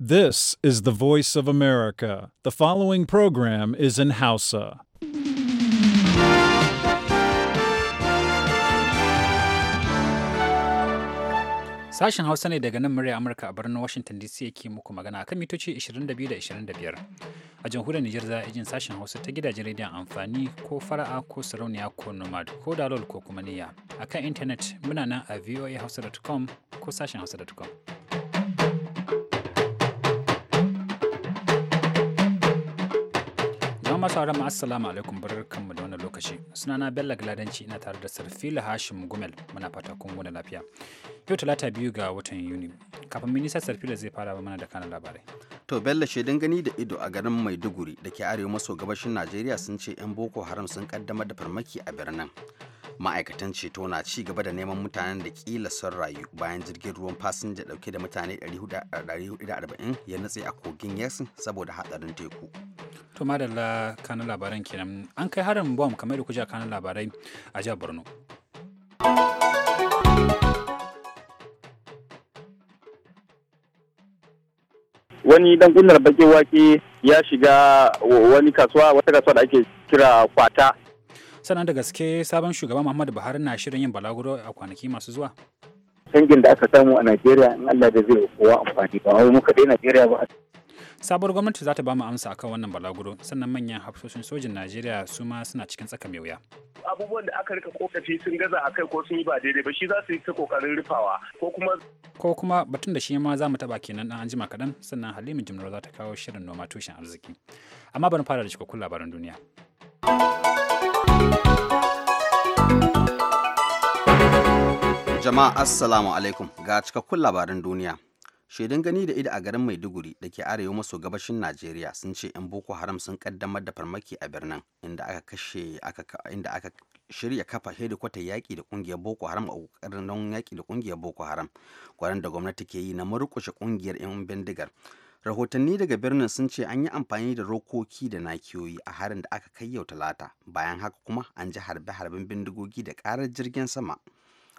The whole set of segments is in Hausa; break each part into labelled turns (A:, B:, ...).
A: This is the voice of America. The following program is in Hausa. Sashen Hausa ne daga nan murya Amurka a birnin Washington DC yake muku magana kan mitoci 22 da 25. A jamhuriyar Nijar za a jin sashen Hausa ta gidajen rediyon amfani ko fara'a ko sarauniya ko nomad ko dalol ko kuma niyya. A kan intanet muna nan a voahausa.com ko sashen hausa.com. Jama'a masu ma assalamu alaikum kanmu da wannan lokaci. Sunana Bello Gladanci ina tare da Sarfila Hashim Gumel muna fata kun wani lafiya. Yau talata biyu ga watan Yuni. Kafin minista Sarfila zai fara mana da kanan labarai.
B: To Bello shaidan gani da ido a garin Maiduguri da ke arewa maso gabashin Najeriya sun ce 'yan Boko Haram sun kaddamar da farmaki a birnin. Ma'aikatan ceto na ci gaba da neman mutanen da kila sun rayu bayan jirgin ruwan fasinja dauke da mutane 440 ya nutse a kogin Yasin saboda hatsarin teku.
A: to madalla kanun labaran kenan an kai harin bom kamar da kuja kanun labarai a jihar borno
C: wani dan kunnar bakin wake ya shiga wani kasuwa wata kasuwa da ake kira kwata
A: sannan da gaske sabon shugaban muhammadu buhari na shirin yin balaguro a kwanaki masu zuwa
C: canjin da aka samu a najeriya in allah da zai kowa amfani ba wai muka dai najeriya
A: ba sabuwar gwamnati za ta ba mu amsa akan wannan balaguro sannan manyan hafsoshin sojin najeriya su ma suna cikin tsaka mai wuya
D: abubuwan da aka rika kokafi sun gaza akai ko sun yi ba daidai ba shi za su yi ta kokarin rufawa ko kuma
A: ko kuma batun da shi ma za mu taba kenan dan anjima kaɗan sannan halimu jimrawa za ta kawo shirin noma tushen arziki amma bari fara da cikakkun labaran duniya
B: jama'a assalamu alaikum ga cikakkun labaran duniya shaidun gani da ido a garin maiduguri da ke arewa maso gabashin najeriya sun ce 'yan boko haram sun kaddamar da farmaki a birnin inda aka kashe inda aka shirya kafa hedikwatar yaƙi da ƙungiyar boko haram a ƙoƙarin yaƙi da ƙungiyar boko haram gwaran da gwamnati ke yi na murƙushe ƙungiyar 'yan bindigar rahotanni daga birnin sun ce an yi amfani da rokoki da nakiyoyi a harin da aka kai yau talata bayan haka kuma an ji harbe-harben bindigogi da ƙarar jirgin sama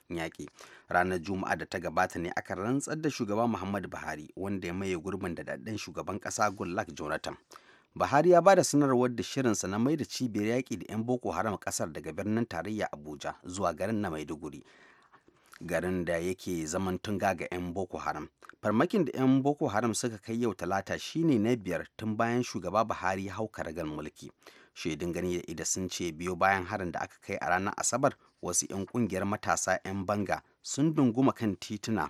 B: yaƙi ranar juma'a da ta gabata ne aka rantsar da shugaba muhammad buhari wanda ya maye gurbin da daɗin shugaban ƙasa goodluck jonathan buhari ya ba da sanarwar da shirinsa na mai da cibiyar yaƙi da 'yan boko haram ƙasar daga birnin tarayya abuja zuwa garin na maiduguri garin da yake zaman tunga ga 'yan boko haram farmakin da 'yan boko haram suka kai yau talata shine na biyar tun bayan shugaba buhari hau karagar mulki shaidun gani da ida sun ce biyo bayan harin da aka kai a ranar asabar wasu 'yan kungiyar matasa 'yan banga sun dunguma kan tituna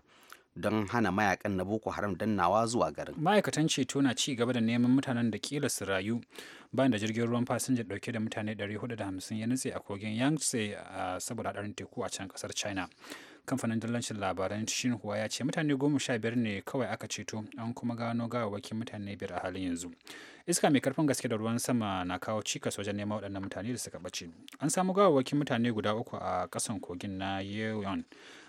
B: don hana mayakan na boko haram dannawa zuwa garin
A: ma'aikatan ceto na ci gaba da neman mutanen da kila su rayu bayan da jirgin ruwan fasinja dauke da mutane 450 ya nutse a kogin yangtze saboda hadarin teku a can kasar china kamfanin dillancin labaran xinhua ya ce mutane goma sha biyar ne kawai aka ceto an kuma gano gawawwakin mutane biyar a halin yanzu iska mai karfin gaske da ruwan sama na kawo cikas wajen neman waɗannan mutane da suka ɓace an samu gawawwakin mutane guda uku a ƙasan kogin na yeyon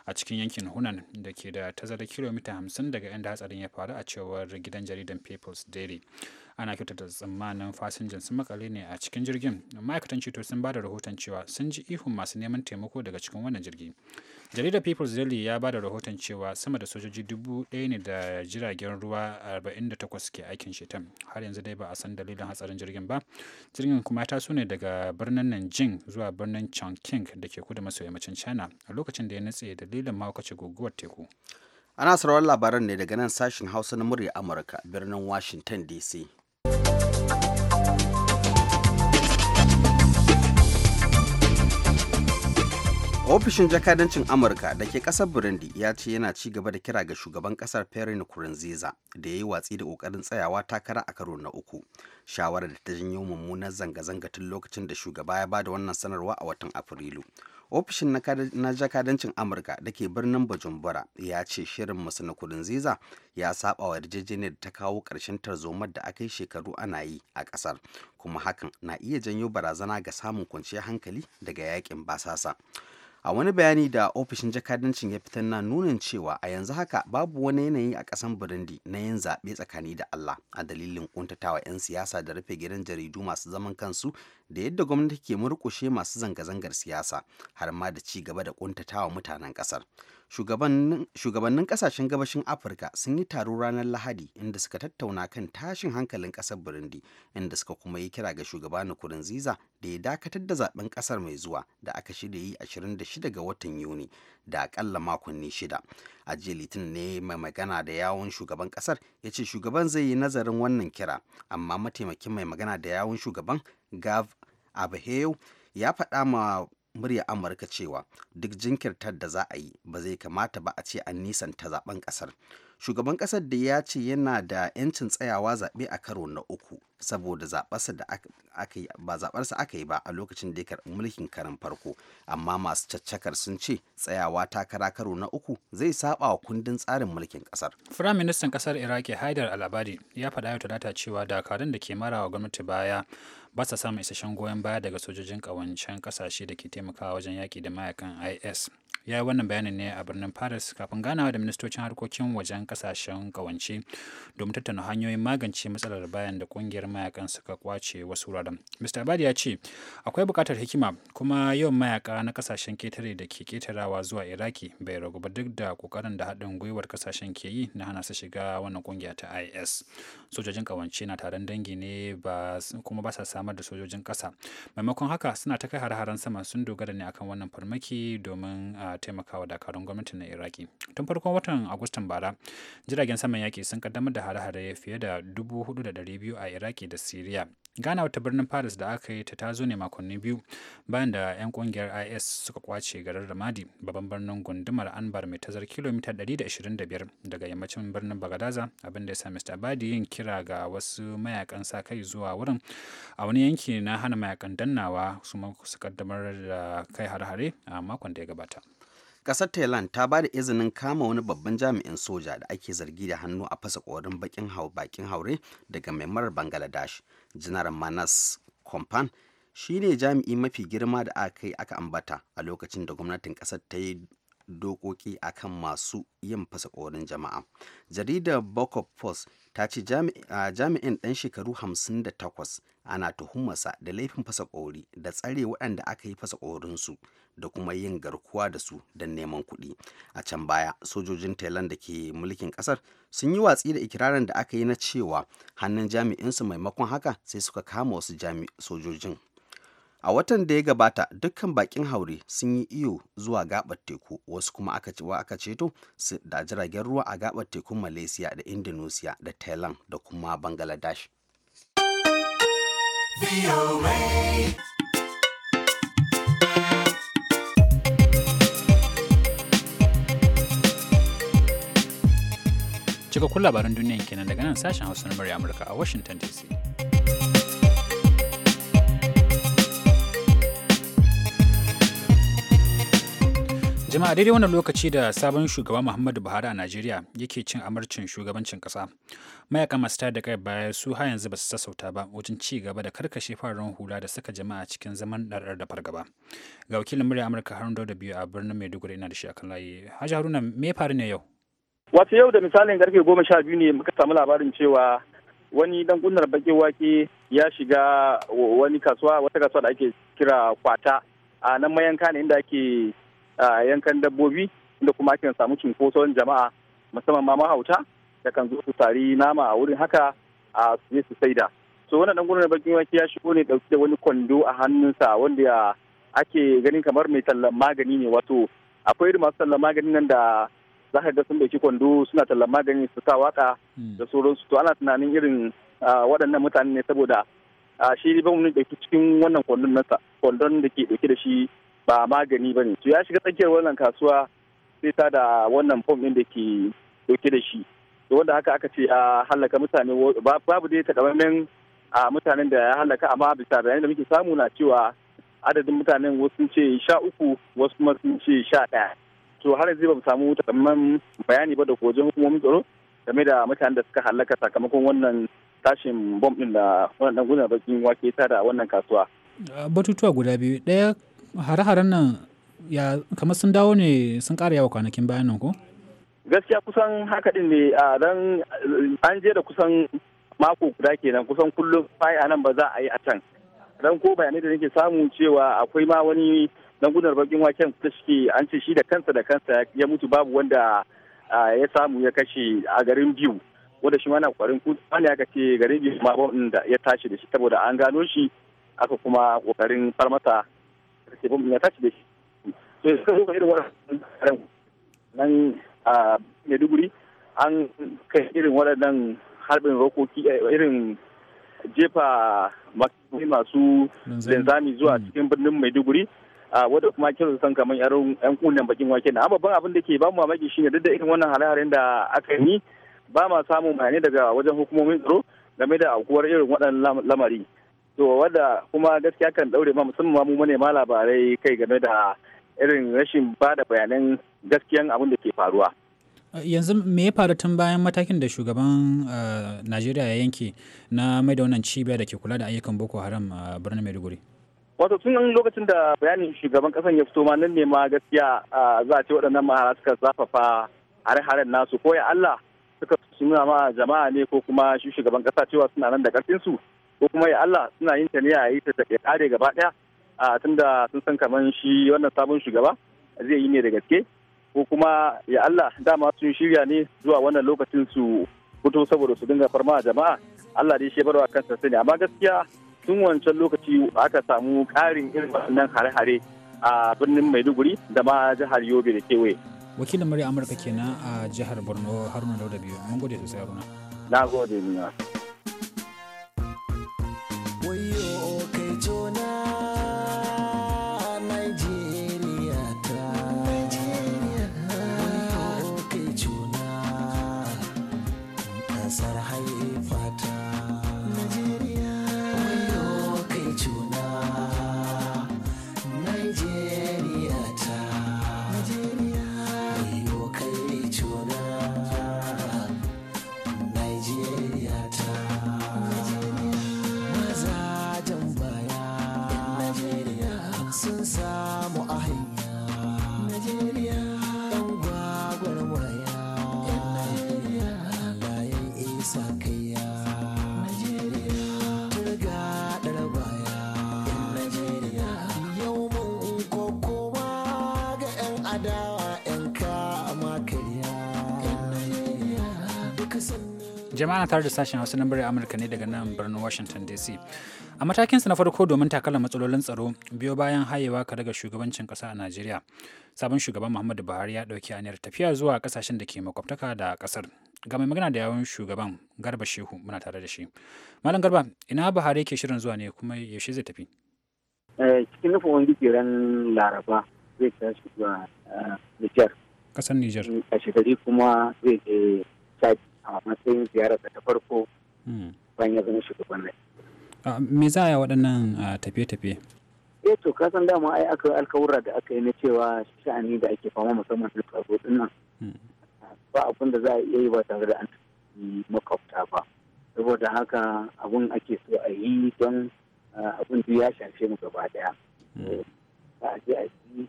A: a cikin yankin hunan da ke da tazarar kilomita 50 daga inda hatsarin ya faru a cewar gidan jaridan people's daily ana kyautata tsammanin fasinjan sun makale ne a cikin jirgin ma'aikatan ceto sun ba da rahoton cewa sun ji ihun masu neman taimako daga cikin wannan jirgi jaridar people's daily ya ba da rahoton cewa sama da sojoji dubu daya ne da jiragen ruwa arba'in da takwas ke aikin shetan har yanzu dai ba a san dalilin hatsarin jirgin ba jirgin kuma ta ne daga birnin nanjing zuwa birnin chongqing da ke kudu maso yammacin china a lokacin da ya nutse dalilin mahaukacin guguwar teku
B: ana sauraron labaran ne daga nan sashen hausa na murya amurka birnin washington dc ofishin jakadancin amurka da ke kasar burundi ya ce yana ci gaba da kira ga shugaban kasar pierre nkurunziza da ya yi watsi da kokarin tsayawa takara a karo na uku shawarar da ta janyo mummunar zanga-zanga tun lokacin da shugaba ya bada wannan sanarwa a watan afrilu ofishin na jakadancin amurka da ke birnin bujumbura ya ce shirin masu nkurunziza ya saba wa yarjejeniyar da ta kawo ƙarshen tarzomar da aka yi shekaru ana yi a ƙasar kuma hakan na iya janyo barazana ga samun kwanciyar hankali daga yakin basasa a wani bayani da ofishin jakadancin ya fitar na nunin cewa a yanzu haka babu wani yanayi a ƙasan burundi na yin zaɓe tsakani da allah a dalilin ƙuntatawa 'yan siyasa da rufe gidan jaridu masu zaman kansu da yadda gwamnati ke murƙushe masu zanga-zangar siyasa har ma da ci gaba da ƙuntatawa mutanen ƙasar shugabannin kasashen gabashin afirka sun yi taro ranar lahadi inda suka tattauna kan tashin hankalin kasar burundi inda suka kuma yi kira ga shugaba nkurunziza da ya dakatar da zaben kasar mai zuwa da aka shirya yi 26 ga watan yuni da akalla makonni shida a jiya litinin ne mai magana da yawon shugaban kasar ya ce shugaban zai yi nazarin wannan kira amma mataimakin mai magana da yawon shugaban gav abheu ya faɗa ma murya amurka cewa duk jinkirtar da za a yi ba zai kamata ba a ce an nisanta zaben kasar shugaban kasar da ya ce yana da 'yancin tsayawa zaɓe a karo na uku saboda zaɓarsa aka yi ba zaɓarsa aka yi ba a lokacin da ya karɓi mulkin karin farko amma masu caccakar sun ce tsayawa takara karo na uku zai saba wa kundin tsarin mulkin kasar
A: firayim ministan kasar iraki haidar alabadi ya faɗa yau talata cewa dakarun da ke marawa gwamnati baya ba sa samun isasshen goyon baya daga sojojin kawancen kasashe da ke taimakawa wajen yaƙi da mayakan is ya yi wannan bayanin ne a birnin paris kafin ganawa da ministocin harkokin wajen kasashen kawance domin tattauna hanyoyin magance matsalar bayan da kungiyar mayakan suka kwace wasu wuraren mr abadi ya ce akwai buƙatar hikima kuma yawan mayaka na kasashen ketare da ke ketarawa zuwa iraki bai ragu ba duk da kokarin da haɗin gwiwar kasashen ke yi na hana su shiga wannan kungiya ta is sojojin kawance na taron dangi ne kuma ba sa samar da sojojin ƙasa maimakon haka suna ta kai har-haren sama sun dogara ne akan wannan farmaki domin taimakawa dakarun gwamnati na iraki tun farkon watan agustan bara jiragen saman yaƙi sun kaddamar da hare-hare fiye da dubu hudu da biyu a iraki da siriya gana wata birnin paris da aka yi ta tazo ne makonni biyu bayan da 'yan kungiyar is suka kwace garin ramadi babban birnin gundumar anbar mai tazar kilomita 125 daga yammacin birnin bagadaza abinda ya sa mr abadi yin kira ga wasu mayakan sa kai zuwa wurin a wani yanki na hana mayakan dannawa su kaddamar da kai har-hare a makon da ya gabata kasar
B: thailand ta ba da izinin kama wani babban jami'in soja da ake zargi da hannu a fasa korin bakin haure daga mai marar bangladesh janar manas kompan shi ne jami'i mafi girma da aka yi aka ambata a lokacin da gwamnatin kasar ta yi dokoki akan masu yin fasa jama'a jaridar bokop post ta ce jami'in ɗan shekaru 58 ana tuhumarsa da laifin fasa ƙori da tsare waɗanda aka yi fasa ƙorinsu da kuma yin garkuwa da su don neman kuɗi a can baya sojojin thailand da ke mulkin ƙasar sun yi watsi da ikirarin da aka yi na cewa hannun jami'insu maimakon haka sai suka kama wasu sojojin a watan da ya gabata dukkan bakin haure sun yi iyo zuwa gabar teku wasu kuma aka cewa aka ceto su da jiragen ruwa a gabar tekun malaysia da indonesia da thailand da kuma bangladesh
A: cikakkun labaran duniya kenan daga nan sashen hausa na murya amurka a washington dc jama'a daidai wannan lokaci da sabon shugaba muhammadu buhari a najeriya yake cin amarcin shugabancin kasa mayaka masu tayar da kai baya su har yanzu ba su sassauta ba wajen ci gaba da karkashe fararen hula da saka jama'a cikin zaman ɗarɗar da fargaba ga wakilin murya amurka harun dauda biyu a birnin maiduguri ina da shi akan layi hajji haruna me faru ne yau
C: wasu yau da misalin karfe goma sha biyu ne muka samu labarin cewa wani dan kunnar baƙin wake ya shiga wani kasuwa wata kasuwa da ake kira kwata a nan mayanka ne inda ake yankan dabbobi inda kuma ake samu cunkoson jama'a musamman ma mahauta da kan zo su tari nama a wurin haka a suje su saida so wannan dan gurin bakin waki ya shigo ne dauke da wani kwando a hannunsa wanda ake ganin kamar mai tallan magani ne wato akwai irin masu tallan magani nan da za ka ga sun dauki kwando suna tallan magani su sa waka hmm. da sauransu to ana tunanin irin waɗannan mutane ne saboda shi ba mun dauki cikin wannan kwandon nasa kwandon da ke dauke da shi ba magani ba ne to ya shiga tsakiyar wannan kasuwa sai ta da wannan fom ɗin da ke dauke da shi to wanda haka aka ce a halaka mutane babu dai takamaiman a mutanen da ya halaka amma bisa bayanan da muke samu na cewa adadin mutanen wasu sun ce sha uku wasu kuma sun ce sha ɗaya to har yanzu ba mu samu takamaiman bayani ba da wajen hukumomin tsaro game da mutanen da suka halaka sakamakon wannan tashin bom ɗin da wannan gudanar bakin wake ta da wannan kasuwa.
A: batutuwa guda biyu ɗaya hare-haren nan ya kamar sun dawo ne sun ƙara yawa kwanakin bayan nan ko?
C: Gaskiya kusan haka din ne a dan an je da kusan mako guda kenan kusan kullum faya a nan ba za a yi a can. Dan ko bayanai da nake samu cewa akwai ma wani dan gudunar bakin waken da shi an ce shi da kansa da kansa ya mutu babu wanda ya samu ya kashe a garin biyu wanda shi mana kwarin kusa ne aka ce garin biyu ma ba ya tashi da shi saboda an gano shi aka kuma kokarin farmata sai bom ya tashi da shi to irin waɗannan nan a Maiduguri an kai irin waɗannan harbin rokoki eh, irin jefa makamai masu linzami zuwa hmm. cikin birnin Maiduguri wadda kuma kira san kamar yan kunnen bakin wake na babban abin da ke ba mu mamaki shine duk da irin wannan hare-haren da aka yi ba ma samun bayanai daga wajen hukumomin tsaro game da aukuwar irin waɗannan lamari to wadda kuma gaskiya kan daure ma musamman mu manema labarai kai game da irin rashin ba da bayanan gaskiyan abin da ke faruwa
A: yanzu me ya faru tun bayan matakin da shugaban eh, najeriya ya yanke na mai da wannan cibiyar da ke kula da ayyukan boko haram a birnin maiduguri
C: wato tun nan lokacin da bayanin shugaban kasan ya fito ma nan ne ma gaskiya eh, za a ce waɗannan mahara suka zafafa hare-haren nasu ko ya allah suka suna ma jama'a ne ko kuma shi shugaban kasa cewa suna nan da su. ko kuma ya Allah suna yin ta ne a yi ta ya kare gaba daya a da sun san kamar shi wannan sabon shugaba zai yi ne da gaske ko kuma ya Allah dama sun shirya ne zuwa wannan lokacin su fito saboda su dinga farma a jama'a Allah dai shi barwa kansa sani amma gaskiya tun wancan lokaci aka samu karin irin wannan hare-hare a birnin Maiduguri da ma jihar Yobe da kewaye.
A: Wakilin murya Amurka kenan a jihar Borno Haruna Dauda biyu. Mun gode sosai Haruna.
C: Na gode ni.
E: adawa na
A: kama tare da sashen hausa na birnin amurka ne daga nan birnin washington dc a matakinsa na farko domin takalar matsalolin tsaro biyo bayan hayewa ka daga shugabancin kasa a najeriya sabon shugaban muhammadu buhari ya ɗauki aniyar tafiya zuwa kasashen da ke makwabtaka da kasar ga mai magana da yawon shugaban garba shehu muna tare da shi malam garba ina buhari ke shirin zuwa ne kuma yaushe zai tafi
C: eh, cikin nufin wani laraba zai tashi zuwa Eh, Nijar.
A: Kasan Nijar. A shekari kuma zai je Chad a matsayin ziyararsa ta farko hmm. bayan ya zama shugaban nai. Ah, me za a yi waɗannan ah, tafiye-tafiye?
C: Eh to ka san dama ai aka alkawura da aka yi na cewa sha'ani da ake fama musamman na tsaro din nan. Hmm. Ba abin da za a iya yi ba tare da an makwabta ba. Saboda haka abun ake so a yi don ah, abin ya shafe mu gaba daya. Hmm. Eh, za a je a yi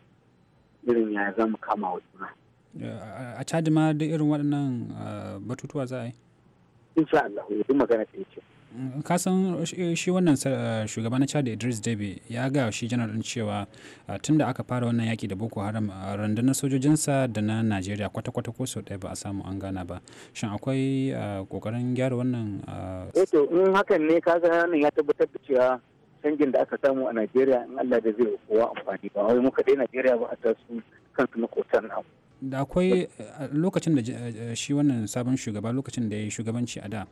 C: irin ya zama kama wa juna.
A: Eh, a cadi ma da irin waɗannan eh, batutuwa za a yi? Insha Allah,
C: yanzu magana ta ce.
A: Mm, ka san shi wannan eh, shugaba na chad idris debe ya ga shi janar cewa tun da aka fara wannan yaki da boko haram rundunar sojojinsa da na najeriya kwata-kwata ko sau ɗaya ba a samu an gana ba shin akwai ƙoƙarin gyara wannan eto
C: in hakan ne ka ga ya tabbatar da cewa canjin da aka samu a Najeriya in Allah da zai kowa amfani ba wai muka dai Najeriya ba a su kansu makotan nan.
A: da akwai lokacin da shi wannan sabon shugaba lokacin da ya yi shugabanci a da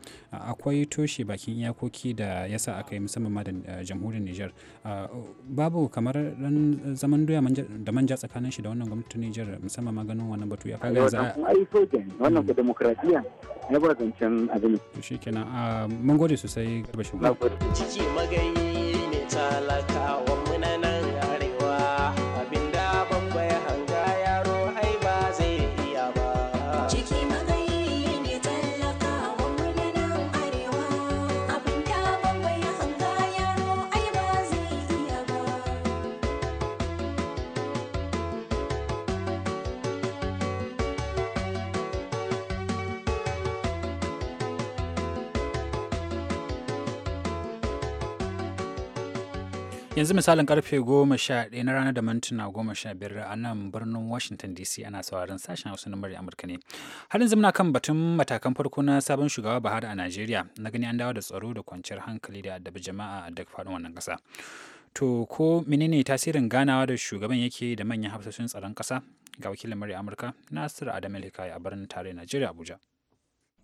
A: akwai toshe bakin iyakoki da ya sa aka yi musamman ma da eh, jamhuriyar niger ah, babu kamar ran zaman doya da manja tsakanin shi da wannan gwamnatin niger musamman ma ganin wannan batu ya kaga yanzu
C: ai soja wannan ku demokradiya ne ba zancen abin
A: shi kenan ah, mun gode sosai garba shugaba
E: cike magani like how
A: yanzu misalin karfe goma na ranar da mintuna 15 sha a nan birnin washington dc ana sauraron sashen hausa na murya amurka ne har yanzu muna kan batun matakan farko na sabon shugaba bahari a najeriya na gani an dawo da tsaro da kwanciyar hankali da addabi jama'a a duk faɗin wannan ƙasa to ko menene tasirin ganawa da shugaban yake da manyan hafsoshin tsaron ƙasa ga wakilin murya amurka nasir adam hikaya a birnin tarayyar najeriya abuja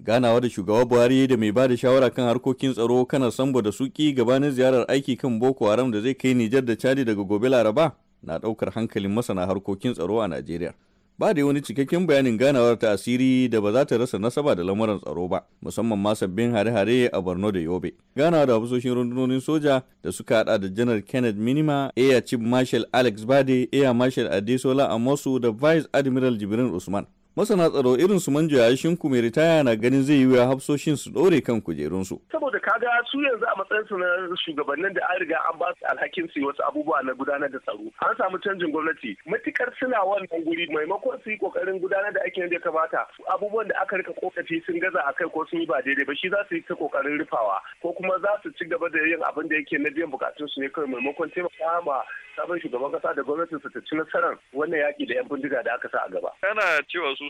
F: ganawa da shugaba buhari da mai ba da shawara kan harkokin tsaro kanar sambo da suki gabanin ziyarar aiki kan boko haram da zai kai nijar da chadi daga gobe laraba na daukar hankalin masana harkokin tsaro a najeriya ba da wani cikakken bayanin ganawar ta asiri da ba za ta rasa nasaba da lamuran tsaro ba musamman ma sabbin hare-hare a borno da yobe ganawa da hafisoshin rundunonin soja da suka hada da janar kenneth minima air chief marshal alex bade air marshal adesola amosu da vice admiral jibrin usman masana tsaro irin su manjo ya mai ritaya na ganin zai yi wa hafsoshin su dore kan kujerun su
D: saboda kaga su yanzu a matsayin su na shugabannin da an riga an ba su alhakin su wasu abubuwa na gudanar da tsaro an samu canjin gwamnati matukar suna wannan guri maimakon su yi kokarin gudanar da aikin da ya kamata abubuwan da aka rika kokafi sun gaza a kai ko sun yi ba daidai ba shi za su yi ta kokarin rufawa ko kuma za su ci gaba da yin abin da yake na biyan bukatun su ne kawai maimakon taimaka ma sabon shugaban kasa da gwamnatin su ta ci nasarar wannan yaki da yan bindiga da aka sa a gaba.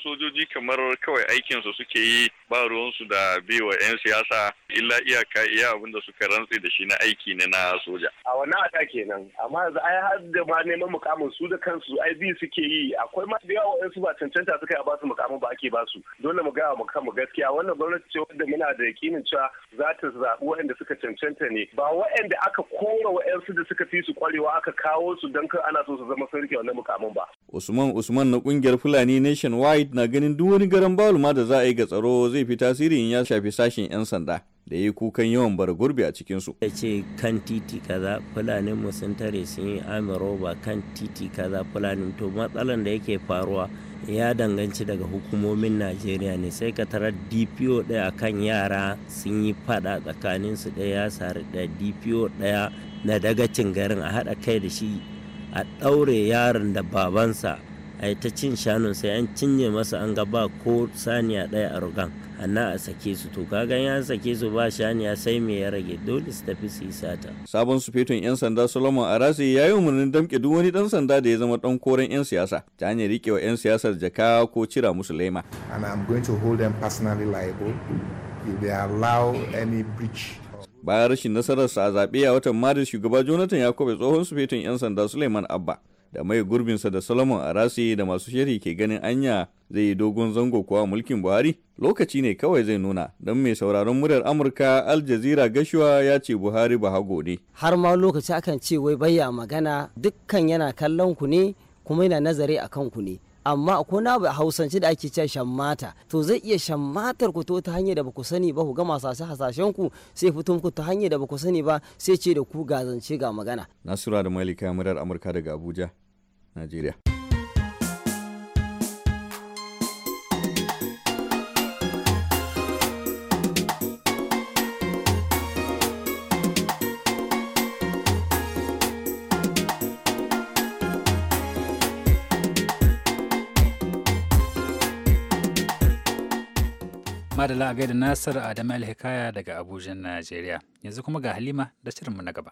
F: sojoji kamar kawai aikinsu suke yi ba ruwansu da biwa 'yan siyasa illa iyaka iya abin suka rantse da shi na aiki ne na soja.
D: A wannan ada kenan amma a ai har da ma neman mukamin su da kansu ai bi suke yi akwai ma da 'yan su ba cancanta suka yi a basu mukamin ba ake su. dole mu gaya mu mu gaskiya wannan gwamnati ce wanda muna da yakinin cewa za ta zaɓi wa'anda suka cancanta ne ba wanda aka kora wa'ansu da suka fi su kwarewa aka kawo su don kar ana so su zama sarki wannan mukamin ba.
F: Usman Usman na kungiyar Fulani Nationwide na ganin duk wani garan baluma da za a yi ga tsaro zai fi tasiri in ya shafi sashen 'yan sanda. da ya kukan yawan bara gurbi a cikinsu. Ya ce kan titi kaza fulanin mu sun tare
B: sun yi ba kan titi kaza fulanin to matsalan da yake faruwa ya danganci daga hukumomin Najeriya ne sai ka tara DPO ɗaya kan yara sun yi fada tsakanin su ɗaya ya sari da DPO ɗaya na dagacin garin a haɗa kai da shi a ɗaure yaron da babansa a ta cin shanun sai an cinye
F: masa an ga ba ko saniya ɗaya a rugan anna a sake su to kagan ya sake su ba shaniya sai me ya rage dole su tafi su yi sata. sabon su fetun yan sanda solomon arasi ya yi umarnin damke duk wani dan sanda da ya zama dan koren yan siyasa ta hanyar wa yan siyasar jaka ko cira musu laima.
G: and i'm going to hold them personally liable if they allow
D: any breach
F: bayan rashin nasararsa a zaɓe a watan maris shugaba jonathan yakobe tsohon sufetun 'yan sanda suleiman abba da mai gurbinsa da solomon arasi da masu shiri ke ganin anya zai yi dogon zango kuwa mulkin buhari lokaci ne kawai zai nuna don mai sauraron muryar amurka al jazeera gashuwa ya ce buhari ba hago ne
B: har ma lokaci akan ce wai bayya magana dukkan yana kallon ku ne kuma yana nazari a kanku ne amma ko na ba hausance da ake cewa shammata to zai iya shammatar ku to ta hanyar da baku sani ba ku ga masu hasashen ku sai fito muku ta hanyar da baku sani ba sai ce da ku ga zance ga magana
F: nasura da malika murar amurka daga abuja najeriya
A: Madala a da Nasir Adamu Alhikaya daga Abuja, Najeriya. Yanzu kuma ga Halima da shirinmu na gaba.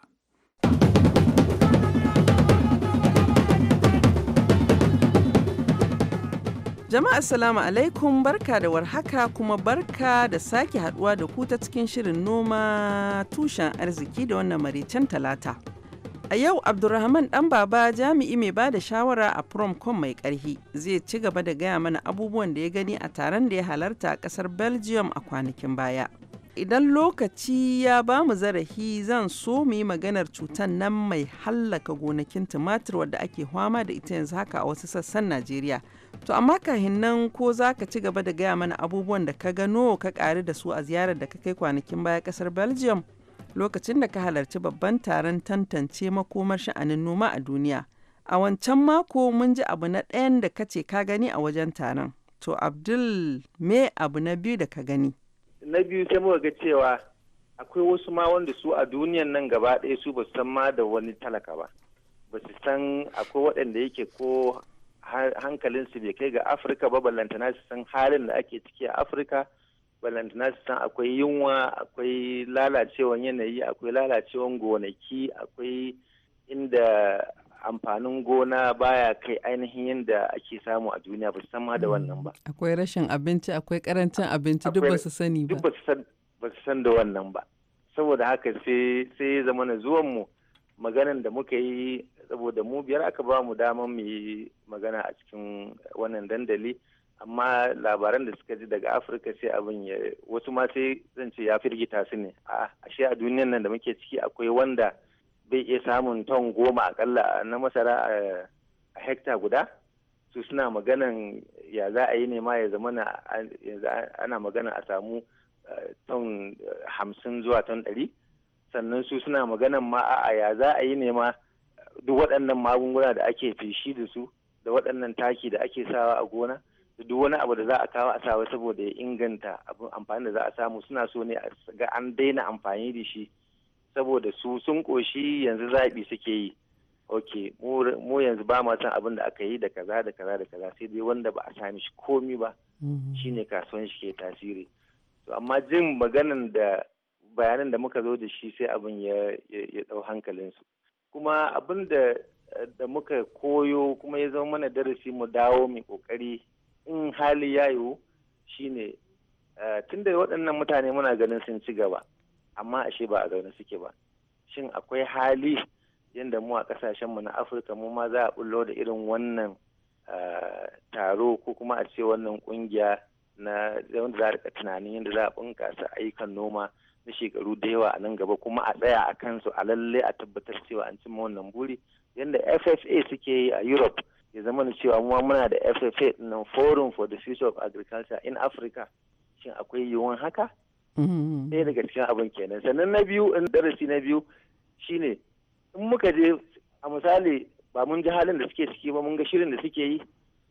E: Jama'a assalamu alaikum barka da warhaka kuma barka da sake haduwa da ku ta cikin shirin noma tushen arziki da wannan maraicen talata. A yau Abdulrahman ɗan baba jami'i mai bada shawara a Promcom mai ƙarhi zai ci gaba da gaya mana abubuwan da ya gani a taron da ya halarta a ƙasar Belgium a kwanakin baya. Idan lokaci ya ba mu zarafi zan so mu yi maganar cutar nan mai hallaka gonakin tumatir wadda ake fama da ita yanzu haka a wasu sassan Najeriya. To amma kahin nan ko za ka ci gaba da gaya mana abubuwan da ka gano ka ƙari da su a ziyarar da ka kai kwanakin baya ƙasar Belgium? lokacin da ka halarci babban taron tantance makomar sha'anin noma a duniya. A wancan mako mun ji abu na ɗayan da kace ka gani a wajen taron. To Abdul me abu na biyu da ka gani?
G: Na biyu sai muka ga cewa akwai wasu ma wanda su a duniyan nan gaba ɗaya su ba su san ma da wani talaka ba. Ba su san akwai waɗanda yake ko hankalinsu bai kai ga Afirka ba ballantana su san halin da ake ciki a Afirka. balantana su san akwai yunwa akwai lalacewan yanayi akwai lalacewan gonaki akwai inda amfanin gona baya kai ainihin yadda ake samu a duniya ba su san ma da wannan ba
E: akwai rashin abinci akwai karancin abinci duk ba su sani ba
G: ba su san da wannan ba saboda haka sai ya zama na zuwan mu maganan da muka yi saboda mu biyar aka ba mu damar mu yi magana a cikin wannan dandali amma labaran da suka ji daga afirka sai abin ya wasu ma sai zan ce ya firgita su ne a ashe a duniyan nan da muke ciki akwai wanda bai iya samun ton goma akalla na masara a hekta guda su suna maganan ya za a yi ne ma ya zama ana magana a samu eh, ton eh, hamsin zuwa ton ɗari sannan su suna maganan ma a ya za a yi ne ma duk waɗannan magunguna da ake feshi da su da waɗannan taki da ake sawa a gona duk wani abu da za a kawo a sawa saboda ya inganta abin amfani da za a samu suna so ne a ga an daina amfani da shi saboda su sun koshi yanzu zaɓi suke yi ok mu yanzu ba ma abin da aka yi da kaza da kaza da kaza sai dai wanda ba a sami shi komi ba mm-hmm. shine kasuwan shi ke tasiri to amma jin maganan da bayanan da muka zo da shi sai abin ya ɗau hankalinsu kuma abin da da muka koyo kuma ya zama mana darasi mu dawo mai kokari in hali ya yiwu shine eh, tun da waɗannan mutane muna ganin sun ci gaba amma ashe ba a gani suke ba shin akwai hali yadda mu a ƙasashen mu na afirka mu ma za a bullo da irin wannan eh, taro ko kuma a ce wannan ƙungiya na yadda za a rika tunanin yadda za a bunƙasa ayyukan noma na shekaru da yawa a nan gaba kuma a tsaya a kansu a lalle a tabbatar cewa an cimma wannan buri yadda ffa suke yi a europe ya zama da cewa mu muna da FFA nan Forum for the Future of Agriculture in Africa shin akwai yiwuwar haka mm-hmm. ɗaya daga cikin abin kenan sannan na biyu in darasi na biyu shine in muka je a misali ba mun ji halin da suke ciki ba mun ga shirin da suke yi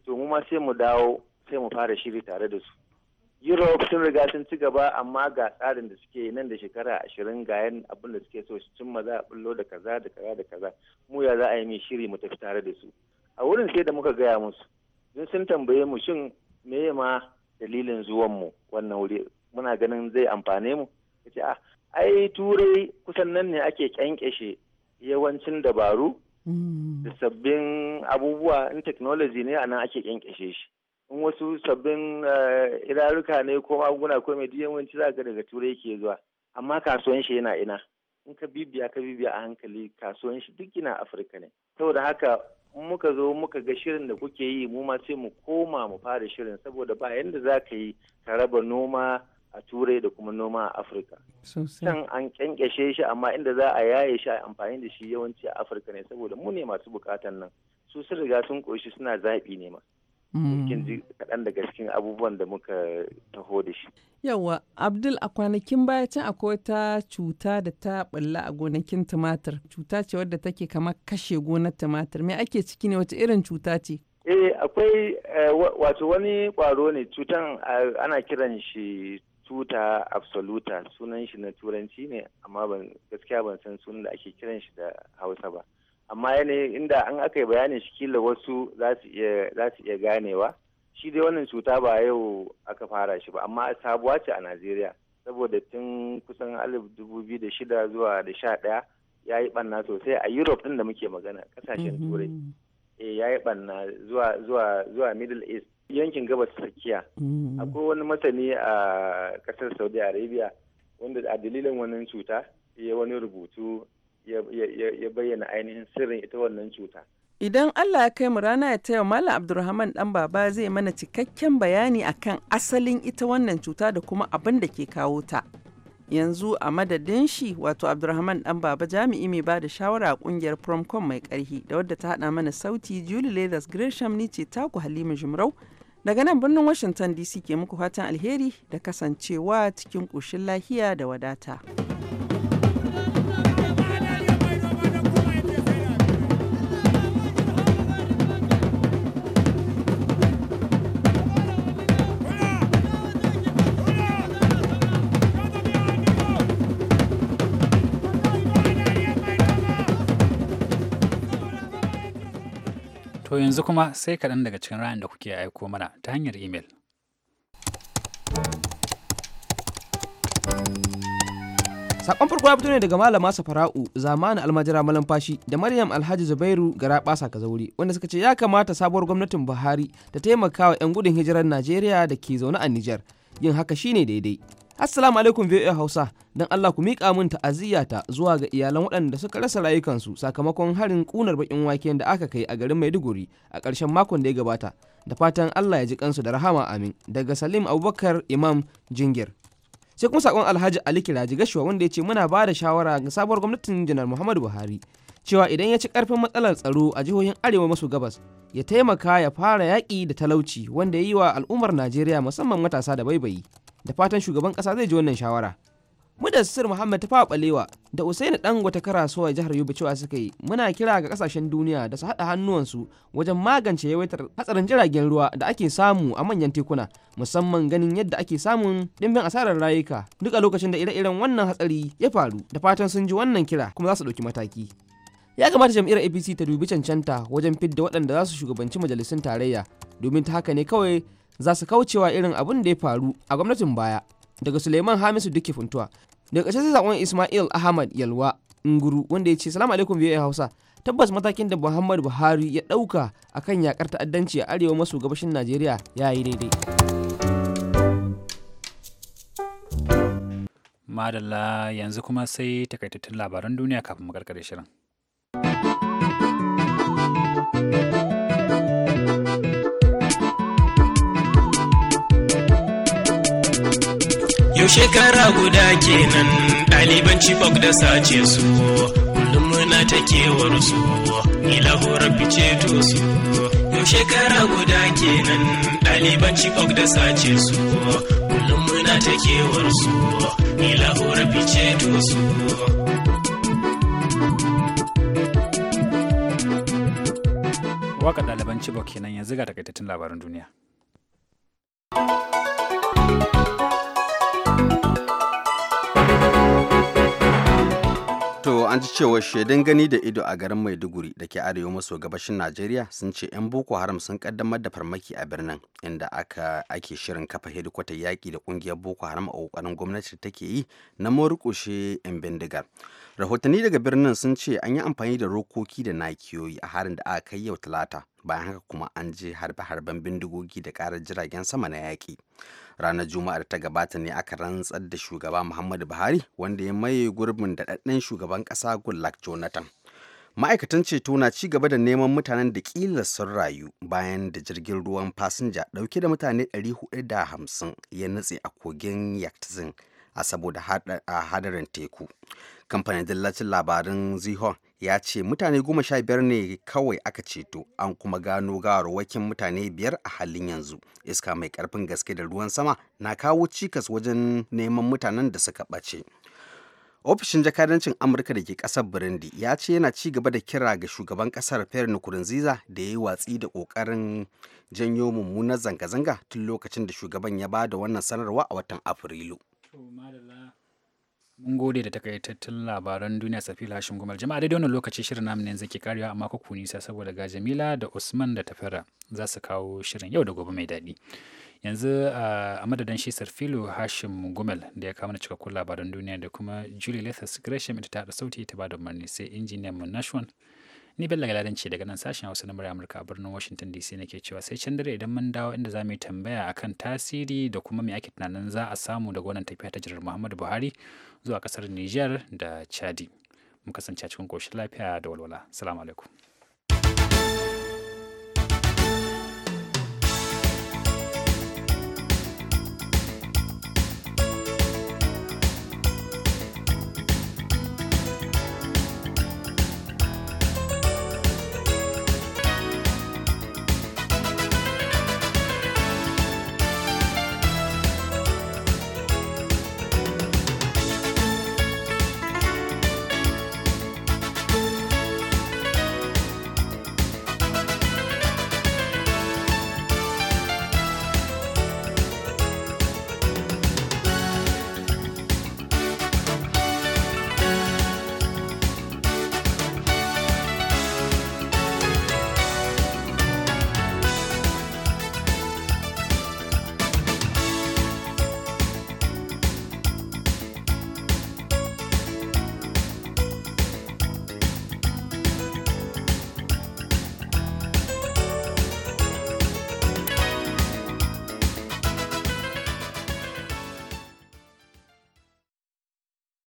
G: to mu ma sai mu dawo sai mu fara shiri tare da su Europe sun riga sun ci gaba amma ga tsarin da suke nan da shekara ashirin ga yan abin da suke so cimma za a bullo da kaza da kaza da kaza mu ya za a yi mai shiri mu tafi tare da su a wurin sai da muka gaya musu sun sun tambaye mu shin me ya ma dalilin zuwan mu wannan wuri muna ganin zai amfane mu yace a ah, ai turai kusan nan ne ake kyankyashe yawancin dabaru
F: da hmm.
G: sabbin abubuwa in technology ne a nan ake kyankyashe shi in wasu sabbin eh, iraruka ne ko magunguna ko mai yawanci za ka daga turai ke zuwa amma kasuwan shi yana ina in ka bibiya ka bibiya a hankali kasuwan shi duk gina afirka ne saboda haka muka zo muka ga shirin da kuke yi mu ma sai mu koma mu fara shirin saboda ba yanda za ka yi ka raba noma a turai da kuma noma a afirka can an kyankyashe shi amma inda za a yaye shi a amfani da shi yawanci a afirka ne saboda mu ne masu bukatan nan su sun riga sun koshi suna zaɓi ne ma
E: Mm. kin ji
G: kaɗan daga cikin abubuwan da muka taho da shi.
E: yawwa Abdul a kwanakin baya can akwai wata cuta da ta ɓulla a gonakin tumatir. Cuta ce wadda take kamar kashe gonar tumatir. Me ake ciki ne wata irin cuta ce?
G: Eh, akwai eh, wato wani ƙwaro ne cutan eh, ana kiran shi tuta absoluta sunan shi na turanci ne amma gaskiya ban san sunan da ake kiran shi da hausa ba. amma yanayin inda an aka yi bayanin shi kila wasu za su iya ganewa shi dai wannan cuta ba yau aka fara shi ba amma sabuwa ce a najeriya saboda tun kusan alif dubu biyu da shida zuwa da sha daya ya yi ɓanna sosai a europe ɗin da muke magana kasashen mhm. turai e ya yi ɓanna zuwa zuwa middle east yankin gabas tsakiya
C: mhm. akwai
G: wani masani a ƙasar saudi arabia wanda a dalilin wannan cuta ya wani rubutu ya bayyana ainihin sirrin ita wannan cuta.
E: Idan Allah ya kai mu rana ya taya Malam Abdulrahman dan baba zai mana cikakken bayani akan asalin ita wannan cuta da kuma abin da ke kawo ta. Yanzu a madadin shi wato Abdulrahman dan baba jami'i mai ba da shawara a kungiyar Promcom mai karhi da wadda ta hada mana sauti Julie Leathers Gresham ni ce taku Halima Jumrau daga nan birnin Washington DC ke muku fatan alheri da kasancewa cikin ƙoshin lahiya da wadata.
A: To yanzu kuma sai kaɗan daga cikin ra'ayin da kuke aiko mana ta hanyar imel.
H: Sakon farko ya fito ne daga Malama Safara'u, zamanin almajira malamfashi da Maryam Alhaji Zubairu gara ka kazauri wanda suka ce ya kamata sabuwar gwamnatin Buhari ta taimaka wa 'yan gudun hijirar Najeriya da ke zaune a Nijar. Yin haka shine daidai. Assalamu alaikum VOA Hausa, don Allah ku miƙa min ta'aziyyata zuwa ga iyalan waɗanda suka rasa rayukansu sakamakon harin ƙunar baƙin wake da aka kai a garin Maiduguri a ƙarshen makon da ya gabata. Da fatan Allah ya ji kansu da rahama amin daga Salim Abubakar Imam Jingir. Sai kuma saƙon Alhaji Ali Kiraji Gashuwa wanda ya ce muna ba da shawara ga sabuwar gwamnatin Janar Muhammadu Buhari cewa idan ya ci ƙarfin matsalar tsaro a jihohin arewa maso gabas ya taimaka ya fara yaƙi da talauci wanda ya yi wa al'ummar Najeriya musamman matasa da baibayi. da fatan shugaban ƙasa zai ji wannan shawara mudassir muhammad ta fawa balewa da usaini dan wata karasuwa jihar yobe cewa suka yi muna kira ga kasashen duniya da su haɗa hannuwansu wajen magance yawaitar hatsarin jiragen ruwa da ake samu a manyan tekuna musamman ganin yadda ake samun dimbin asarar rayuka duka lokacin da ire-iren wannan hatsari ya faru da fatan sun ji wannan kira kuma za su ɗauki mataki ya kamata jam'iyyar apc ta dubi cancanta wajen fidda waɗanda za su shugabanci majalisun tarayya domin ta haka ne kawai za su kaucewa irin abin da ya faru a gwamnatin baya daga suleiman hamisu duke funtuwa daga ƙarshe sai sakon ismail ahmad yalwa nguru wanda ya ce salamu alaikum biyu hausa tabbas matakin da muhammad buhari ya ɗauka a kan yakar ta'addanci a arewa maso gabashin najeriya ya yi daidai
A: madalla yanzu kuma sai takaitattun labaran duniya kafin mu karkare shirin.
H: yau shekara guda kenan ɗaliban cibok da sace su kullum muna ta kewar su
A: ni lahorar fice to su yau shekara guda kenan ɗaliban cibok da sace su kullum muna ta kewar su ni lahorar fice to su Waka ɗaliban Chibok kenan yanzu ga takaitattun labaran duniya.
B: To an ji cewa shaidan gani da ido a garin Maiduguri da ke arewa maso gabashin Najeriya sun ce 'yan Boko Haram sun kaddamar da farmaki a birnin inda aka ake shirin kafa hedikwatar yaƙi da ƙungiyar Boko Haram a ƙoƙarin gwamnati da take yi na murƙushe 'yan bindigar. Rahotanni daga birnin sun ce an yi amfani da rokoki da nakiyoyi a harin da aka kai yau Talata bayan haka kuma an ji harbe-harben bindigogi da ƙarar jiragen sama na yaƙi. ranar juma'ar ta gabata ne aka rantsar da shugaba muhammadu buhari wanda ya maye gurbin daɗaɗɗen shugaban ƙasa goodluck jonathan ma'aikatan ceto na ci gaba da neman mutanen da ƙila sun rayu bayan da jirgin ruwan fasinja ɗauke da mutane 450 ya nutse a kogin yaktizin a saboda hadarin teku kamfanin dillacin labarin zihon ya ce mutane goma sha biyar ne kawai aka ceto an kuma gano gawarwakin mutane biyar a halin yanzu iska mai karfin gaske da ruwan sama na kawo cikas wajen neman mutanen da suka ɓace ofishin jakadancin amurka da ke ƙasar burundi ya ce yana ci gaba da kira ga shugaban ƙasar fere nkurunziza da ya yi watsi da ƙoƙarin janyo mummunar zanga-zanga tun lokacin da shugaban ya ba da wannan sanarwa a watan afrilu
A: mun gode da takaitattun labaran duniya safi lashin gumal jama'a daidai wannan lokaci shirin namu yanzu ke karewa amma ku nisa saboda ga jamila da usman da tafira za su kawo shirin yau da gobe mai daɗi yanzu ah, a madadin shi sarfilo hashim gumel da ya kama da cikakkun labaran duniya da kuma julie lethas gresham ita ta da sauti ta ba da umarni sai injiniyan mu nashwan Ni Bello Galadan ce daga nan sashen Hausa na Amurka a birnin Washington DC nake cewa sai can dare idan mun dawo inda za mu yi tambaya akan tasiri da kuma me ake tunanin za a samu daga wannan tafiya ta jirar Muhammadu Buhari zuwa kasar Niger da Chadi. Mu kasance cikin koshin lafiya da walwala. Salamu alaikum.